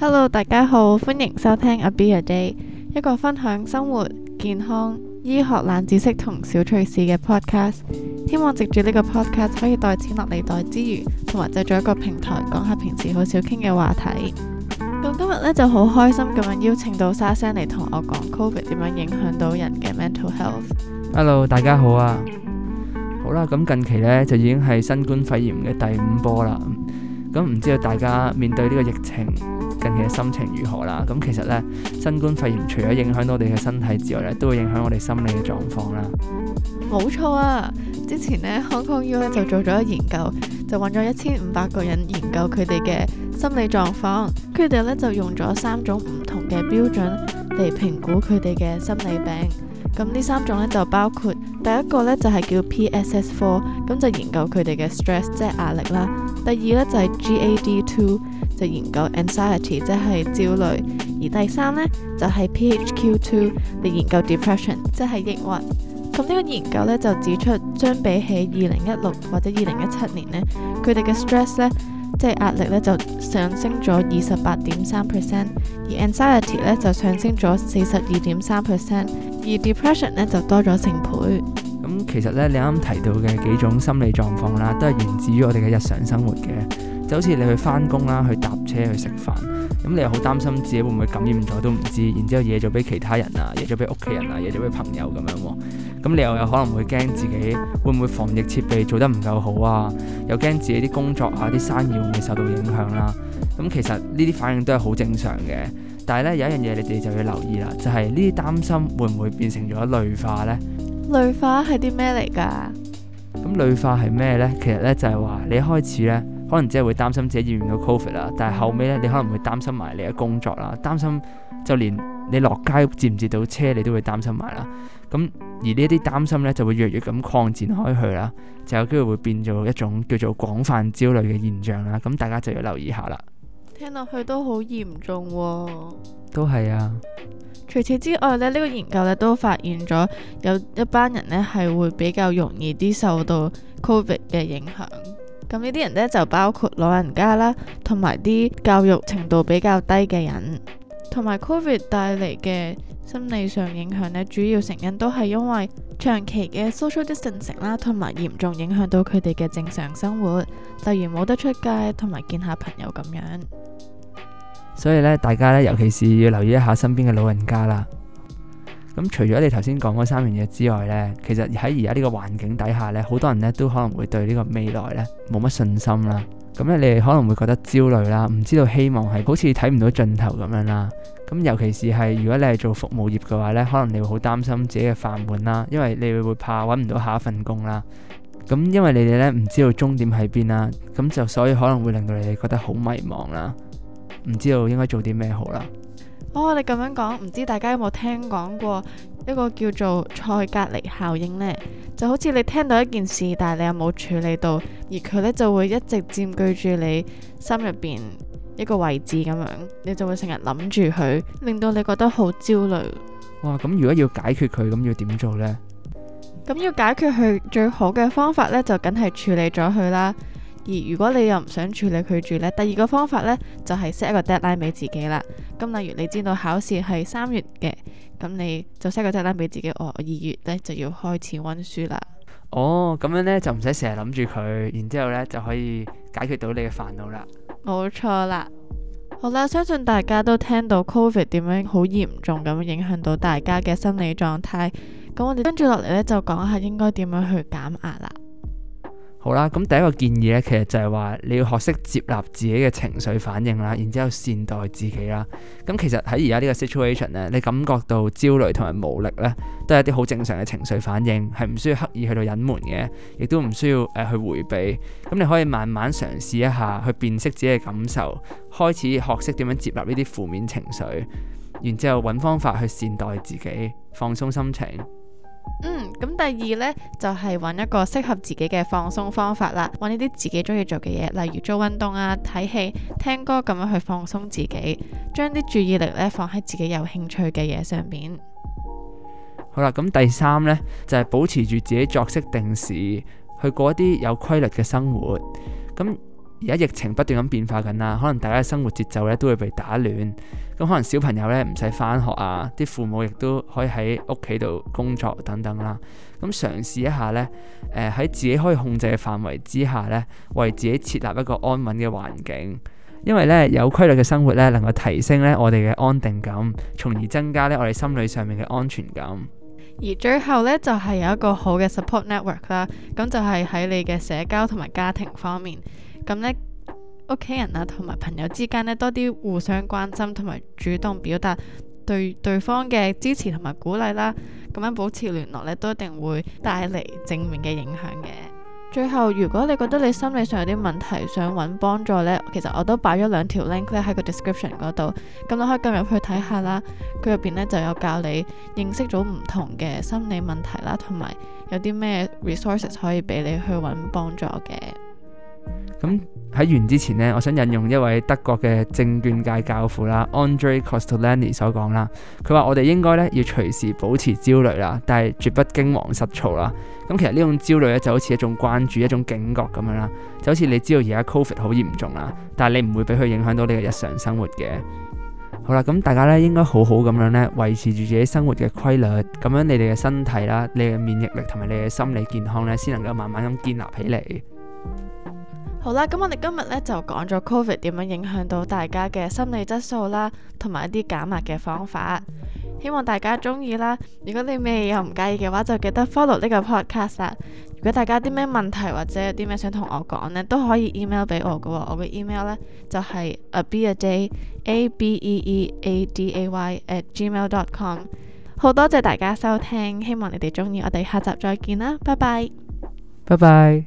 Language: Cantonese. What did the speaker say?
Hello，大家好，歡迎收聽《A Bee A Day》，一個分享生活、健康、醫學冷知識同小趣事嘅 podcast。希望藉住呢個 podcast 可以袋錢落你袋之餘，同埋製造一個平台，講下平時好少傾嘅話題。咁今日咧就好開心咁樣邀請到 Saseng 嚟，同我講 Covid 點樣影響到人嘅 mental health。Hello，大家好啊！好啦，咁近期呢，就已經係新冠肺炎嘅第五波啦。咁唔知道大家面對呢個疫情，佢嘅心情如何啦？咁其實咧，新冠肺炎除咗影響到我哋嘅身體之外咧，都會影響我哋心理嘅狀況啦。冇錯啊！之前咧，Hong Kong U 咧就做咗個研究，就揾咗一千五百個人研究佢哋嘅心理狀況，佢哋咧就用咗三種唔同嘅標準嚟評估佢哋嘅心理病。咁呢三種咧就包括第一個咧就係叫 PSS four，咁就研究佢哋嘅 stress，即係壓力啦。第二咧就係 GAD two。就研究 anxiety，即係焦慮；而第三呢，就係 PHQ-2 嚟研究 depression，即係抑鬱。咁呢個研究呢，就指出，相比起二零一六或者二零一七年呢，佢哋嘅 stress 呢，即係壓力呢，就上升咗二十八點三 percent，而 anxiety 呢，就上升咗四十二點三 percent，而 depression 呢，就多咗成倍。咁其實呢，你啱啱提到嘅幾種心理狀況啦，都係源自於我哋嘅日常生活嘅。就好似你去翻工啦，去搭車去食飯，咁你又好擔心自己會唔會感染咗都唔知，然之後惹咗俾其他人啊，惹咗俾屋企人啊，惹咗俾朋友咁樣喎。咁你又有可能會驚自己會唔會防疫設備做得唔夠好啊？又驚自己啲工作啊、啲生意會唔會受到影響啦。咁其實呢啲反應都係好正常嘅，但係咧有一樣嘢你哋就要留意啦，就係呢啲擔心會唔會變成咗類化呢？類化係啲咩嚟噶？咁類化係咩呢？其實咧就係話你一開始咧，可能只係會擔心自己染唔染到 Covid 啦，但係後尾咧，你可能會擔心埋你嘅工作啦，擔心就連你落街接唔接到車，你都會擔心埋啦。咁而呢啲擔心咧，就會越越咁擴展開去啦，就有機會會變做一種叫做廣泛焦慮嘅現象啦。咁大家就要留意下啦。聽落去都好嚴重喎、哦。都係啊。除此之外咧，呢、這個研究咧都發現咗有一班人咧係會比較容易啲受到 Covid 嘅影響。咁呢啲人呢，就包括老人家啦，同埋啲教育程度比較低嘅人，同埋 COVID 帶嚟嘅心理上影響呢，主要成因都係因為長期嘅 social distancing 啦，同埋嚴重影響到佢哋嘅正常生活，例如冇得出街同埋見下朋友咁樣。所以呢，大家呢，尤其是要留意一下身邊嘅老人家啦。咁除咗你頭先講嗰三樣嘢之外呢，其實喺而家呢個環境底下呢，好多人呢都可能會對呢個未來呢冇乜信心啦。咁咧，你哋可能會覺得焦慮啦，唔知道希望係好似睇唔到盡頭咁樣啦。咁尤其是係如果你係做服務業嘅話呢，可能你會好擔心自己嘅飯碗啦，因為你會怕揾唔到下一份工啦。咁因為你哋呢唔知道終點喺邊啦，咁就所以可能會令到你哋覺得好迷茫啦，唔知道應該做啲咩好啦。哦，你咁樣講，唔知大家有冇聽講過一個叫做蔡格尼效應呢？就好似你聽到一件事，但係你又冇處理到，而佢呢就會一直佔據住你心入邊一個位置咁樣，你就會成日諗住佢，令到你覺得好焦慮。哇！咁如果要解決佢，咁要點做呢？咁要解決佢最好嘅方法呢，就梗係處理咗佢啦。而如果你又唔想處理佢住呢，第二個方法呢，就係 set 一個 deadline 俾自己啦。咁例如你知道考試係三月嘅，咁你就 set 個 deadline 俾自己，我二月呢就要開始溫書啦。哦，咁樣呢，就唔使成日諗住佢，然之後呢就可以解決到你嘅煩惱啦。冇錯啦。好啦，相信大家都聽到 Covid 點樣好嚴重咁影響到大家嘅心理狀態，咁我哋跟住落嚟呢，就講下應該點樣去減壓啦。好啦，咁第一個建議咧，其實就係話你要學識接納自己嘅情緒反應啦，然之後善待自己啦。咁其實喺而家呢個 situation 咧，你感覺到焦慮同埋無力咧，都係一啲好正常嘅情緒反應，係唔需要刻意去到隱瞞嘅，亦都唔需要誒去、呃、回避。咁你可以慢慢嘗試一下去辨識自己嘅感受，開始學識點樣接納呢啲負面情緒，然之後搵方法去善待自己，放鬆心情。嗯，咁第二呢，就係揾一個適合自己嘅放鬆方法啦，揾呢啲自己中意做嘅嘢，例如做運動啊、睇戲、聽歌咁樣去放鬆自己，將啲注意力呢放喺自己有興趣嘅嘢上面。好啦，咁第三呢，就係保持住自己作息定時，去過一啲有規律嘅生活，咁。而家疫情不斷咁變化緊啦，可能大家嘅生活節奏咧都會被打亂，咁可能小朋友咧唔使翻學啊，啲父母亦都可以喺屋企度工作等等啦。咁嘗試一下咧，喺自己可以控制嘅範圍之下咧，為自己設立一個安穩嘅環境，因為咧有規律嘅生活咧能夠提升咧我哋嘅安定感，從而增加咧我哋心理上面嘅安全感。而最後咧就係有一個好嘅 support network 啦，咁就係喺你嘅社交同埋家庭方面。咁咧，屋企人啊，同埋朋友之間呢，多啲互相關心，同埋主動表達對對方嘅支持同埋鼓勵啦，咁樣保持聯絡呢都一定會帶嚟正面嘅影響嘅。最後，如果你覺得你心理上有啲問題，想揾幫助呢，其實我都擺咗兩條 link 呢喺個 description 度，咁你可以撳入去睇下啦。佢入邊呢就有教你認識咗唔同嘅心理問題啦，同埋有啲咩 resources 可以俾你去揾幫助嘅。咁喺完之前呢，我想引用一位德國嘅證券界教父啦，Andre Costolani 所講啦。佢話我哋應該咧要隨時保持焦慮啦，但係絕不驚惶失措啦。咁其實呢種焦慮咧就好似一種關注、一種警覺咁樣啦，就好似你知道而家 Covid 好嚴重啦，但係你唔會俾佢影響到你嘅日常生活嘅。好啦，咁大家咧應該好好咁樣咧維持住自己生活嘅規律，咁樣你哋嘅身體啦、你嘅免疫力同埋你嘅心理健康咧，先能夠慢慢咁建立起嚟。好啦，咁我哋今日咧就講咗 Covid 點樣影響到大家嘅心理質素啦，同埋一啲減壓嘅方法。希望大家中意啦。如果你未有唔介意嘅話，就記得 follow 呢個 podcast 啦。如果大家有啲咩問題或者有啲咩想同我講呢，都可以 email 俾我噶。我嘅 email 呢，就係 a bee a day, A B E E A D A Y at gmail dot com。好多謝大家收聽，希望你哋中意。我哋下集再見啦，拜拜，拜拜。